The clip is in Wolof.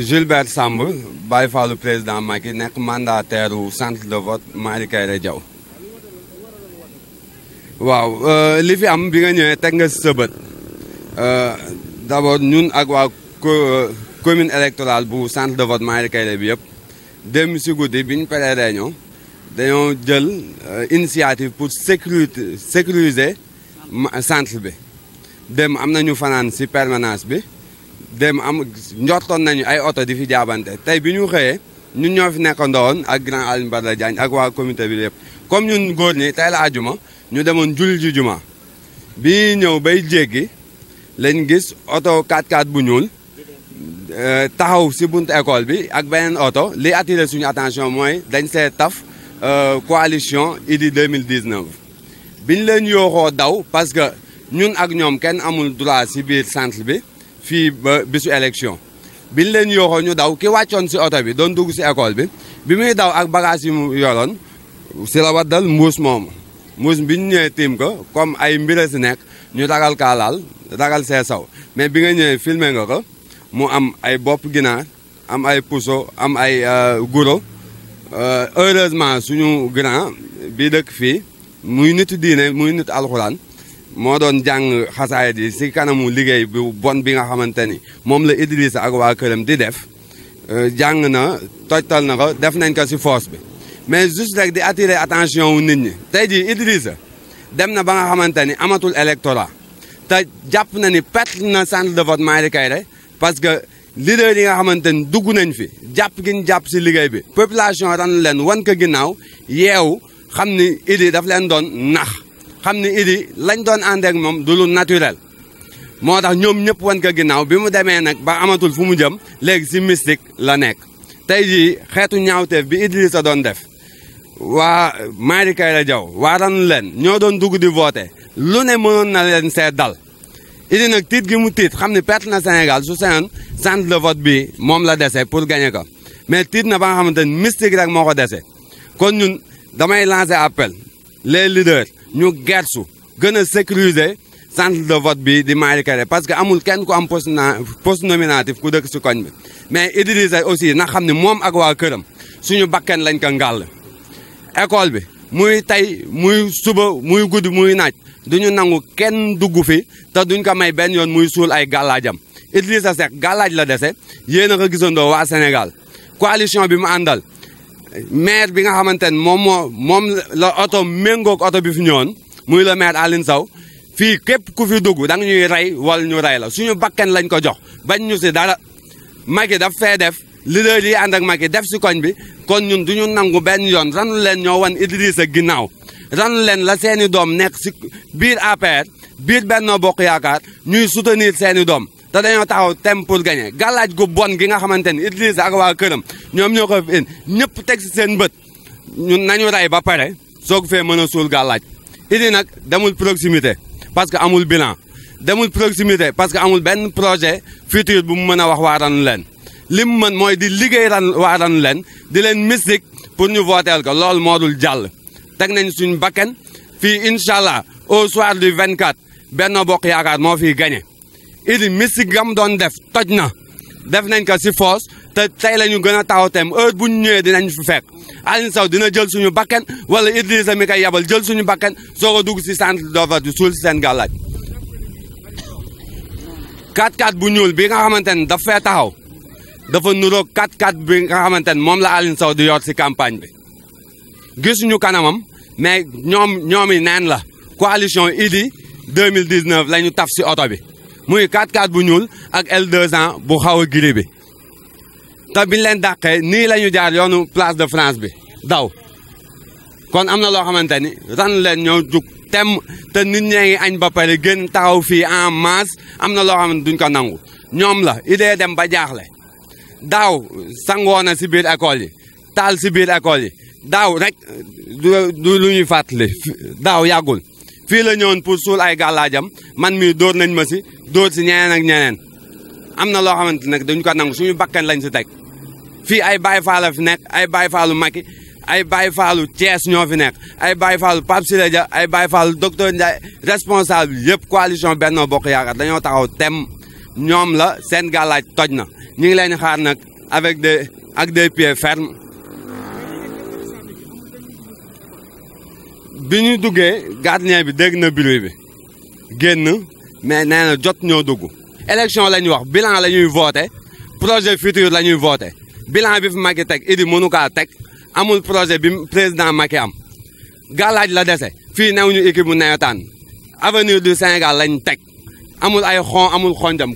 Gilbert Samb Baye Fallou président Macky nekk mandataire u centre de vote Mary Kairé Diaw waaw euh, li fi am bi nga ñëwee teg nga si sa bët euh, d'abord ñun ak waa euh, commune électorale bu centre de vote Mary bi yëpp démb si guddi bi ñu paree réunion dañoo jël initiative pour sécurité sécuriser centre bi dem am nañu fanaan si permanence bi dem am njortoon nañu ay auto di fi jaabante tey bi ñu xëyee ñun ñoo fi nekkandoo woon ak grand Alioune Badara Diagne ak waa comité bi lépp comme ñun góor ñi tey la ajuma ñu demoon julli ji bi ñëw bay jéggi lañ gis oto 4 x bu ñuul euh, taxaw si bunt école bi ak beneen oto li attiré suñu attention mooy dañ see taf euh, coalition Idy 2019 biñ leen yooxoo daw parce que ñun ak ñoom kenn amul droit si biir centre bi fii bi bisu élection biñ leen yooxoo ñu daw ki wàccoon si oto bi doon dugg si école bi bi muy daw ak bagage yi mu yoroon si la waddal mbuus moomu mbuus bi ñu ñëwee tiim ko comme ay mbira si nekk ñu ragal kaa laal ragal see saw mais bi nga ñëwee filmer nga ko mu am ay bopp ginaar am ay puso am ay euh, guro euh, heureusement suñu grand bi dëkk fii muy nitu diine muy nitu alxuraan moo doon jàng xasaayit di si kanamu liggéey bu bon bi nga xamante ni moom la Idrissa ak waa këram di def euh, jàng na tojtal na ko def nañ ko si foos bi mais juste rek di attirer attention wu nit ñi tey jii Idrissa dem na ba nga xamante ni amatul électorat te jàpp na ni pert na centre de vote Mary Kairé parce que leader yi nga xamante ni dugg nañ fi jàpp gi ñu jàpp si liggéey bi population ran leen wan ko ginnaaw yeew xam ni Idi daf leen doon nax xam ne Idi lañ doon ànd moom du lu naturel moo tax ñoom ñëpp wan ginnaaw bi mu demee nag ba amatul fu mu jëm léegi si mystique la nekk tey jii xeetu ñaawteef bi sa doon def waa Mary Kayre Diaw waa ranu leen ñoo doon dugg di voté lu ne mënoon na leen see dal Idi nag tiit gi mu tiit xam ne perte na Sénégal su seen centre de vote bi moom la dese pour gagner ko mais tiit na ba nga xamante ni mystique rek moo ko dese kon ñun damay lancer appel les leaders ñu gersu gën a sécuriser centre de bi di Malick parce que amul kenn ku am poste na poste nominatif ku dëkk si koñ bi mais Idrissa aussi na xam ne moom ak waa këram suñu bakken lañ ko ngàll école bi muy tey muy suba muy guddi muy naaj duñu nangu kenn dugg fi te duñ ko may benn yoon muy suul ay gàllaajam Idrissa Seck gàllaaj la dese yéen a ko gisandoo waa Sénégal coalition bi mu àndal maire bi nga xamante ne moom moo moom la oto méngoog oto bi fi ñëwoon muy le maire Aline Sow fii képp ku fi dugg da nga ñuy rey wala ñu rey la suñu bakkan lañ ko jox bañ ñu si dara Macky daf fee def leader yi ànd ak Macky def si koñ bi kon ñun du ñu nangu benn yoon ranu leen ñoo wan Idrissa ginnaaw ranu leen la seeni doom nekk si biir APR biir Benno Bokk Yaakaar ñuy soutenir seeni doom te dañoo taxaw tem pour gagner gàllaaj gu bon gi nga xamante ni Idrissa ak waa këram ñoom ñoo ko fi in ñëpp teg si seen bët ñun nañu rey ba pare soog fee mën a suul gàllaaj Idi nag demul proximité parce que amul bilan demul proximité parce que amul benn projet futur bu mu mën a wax waa leen li mu mën mooy di liggéey ran leen di leen mystique pour ñu vooteel ko lool moo dul jàll teg nañ suñu bakkan fii incha allah au soir du 24 Benno Bokk Yaakaar moo fiy gagné. idi mystique gam doon def toj na def nañ ko si foos te tey la ñu gën a taxaw tem heure bu ñu ñëwee dinañ fi fekk Alioune dina jël suñu bakken wala Idrissa mi koy yabal jël suñu bakken soo ko dugg si centre d'offre di suul si seen gàllaaj 4-4 bu ñuul bi nga xamante ne dafa fee taxaw dafa nuroog 4-4 bi nga xamante ne moom la Alioune Sow di yor si campagne bi gisuñu kanamam mais ñoom ñoom yi neen la coalition Idy 2019 la ñu taf si oto bi muy 4-4 bu ñuul ak L200 bu xaw a giri bi te biñ leen dàqee nii la ñu jaar yoonu place de France bi daw kon am na loo xamante ni ran leen ñoo jug tem te nit ñee ngi añ ba pare gën taxaw fii en masse am na loo xam ne duñ ko nangu ñoom la idée dem ba jaaxle daaw sangoo na si biir école yi taal si biir école yi daaw rek du lu ñuy fàttali daaw yàggul fii la ñëwoon pour suul ay gàllaajam man mii dóor nañ ma si dóor si ñeneen ak ñeneen am na loo xamante nag dañu ko nangu suñu bakkan lañ si teg fii ay Baye Fall la fi nekk ay Baye Fallu Macky ay Baye Fallu Thiès ñoo fi nekk ay baay Fallu Pape Siré Dia ay Baye Fallu docteur Ndiaye responsable yëpp coalition Benno Bokk Yaakaar dañoo taxaw tem ñoom la seen gàllaaj toj na ñu ngi leen xaar nag avec de ak de pieds fermes bi ñu duggee gardien bi dégg na bruit bi génn mais nee na jot ñoo dugg élection la ñuy wax bilan la ñuy voté projet futur la ñuy voté bilan bi fi Macky teg Idi mënu kaa teg amul projet bi président Macky am gallaaj la dese fii newuñu équipe bu nawetaan avenir du Sénégal lañ teg amul ay xon amul xonjam